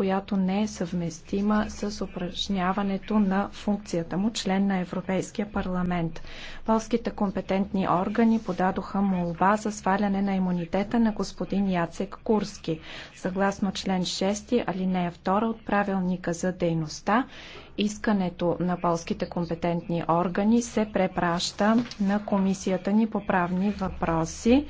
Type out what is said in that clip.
която не е съвместима с упражняването на функцията му член на Европейския парламент. Полските компетентни органи подадоха молба за сваляне на имунитета на господин Яцек Курски, съгласно член 6, алинея 2 от правилника за дейността искането на полските компетентни органи се препраща на комисията ни по правни въпроси.